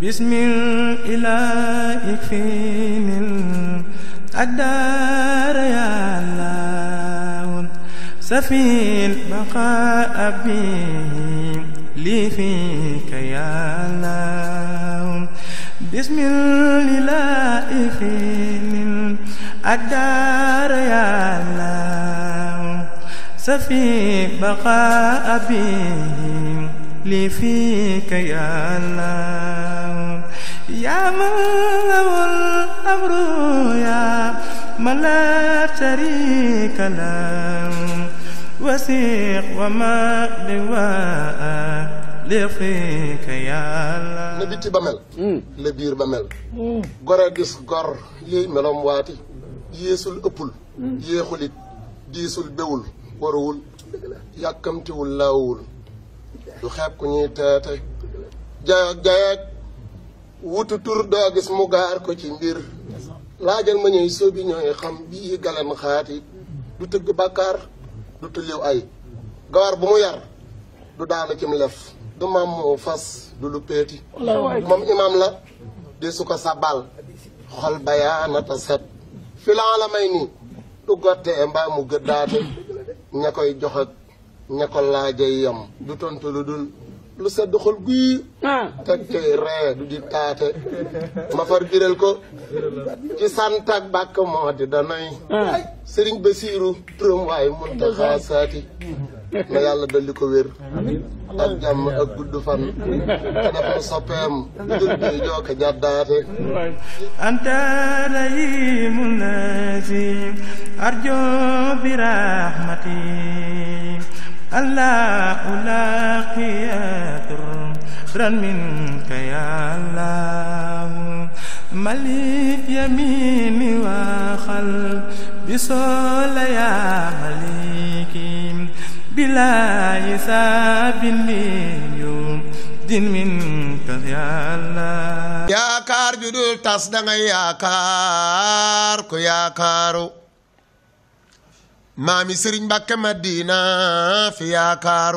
باسم الإله فين الدار يا الله سفي بقاء به لي فيك يا الله باسم الإله فين الدار يا الله سفي بقاء به لي فيك يا الله يا من هو الأمر يا من لا شريك له وسيق وما لواء لفيك يا الله نبي تبامل نبير بامل غورا غيس غور يي واتي ييسول اوبول ييخوليت ديسول بيول ورول يا كمتي ولاول lu xeb ku ñuy teete jayoog jayoog wutu tur do gis mu gar ko ci mbir laajal ma ñuy soobi ñoy xam bi galam xati du teug bakar du tuliw ay gawar bu mu yar du ci mu lef du mam mo fas du lu peti mom imam la de su sabal xol ta set fil alamaini du gotte mbaa mu ñakoy ña jox ak ña ko laajee yam du tontu lu dul lu sa doxal guy ah. teg tey ree di taate ma far ko ci sant ak bàkk moo di danay ah. sëriñ Basiiru turam waaye munta xaasaati na yàlla dolli ko wér ak jàmm ak gudd fan dafa soppeem dul bi jooke jàddaate anta rahimun nasim arjo bi rahmati ألا ألاقي درا منك يا الله ملي يمين وخل بصول يا مليكي بلا حساب لي دين منك يا الله يا كار جدول تصدق يا كار كو يا كارو maami sëriñ Mbàkke Madina fi yaakaaru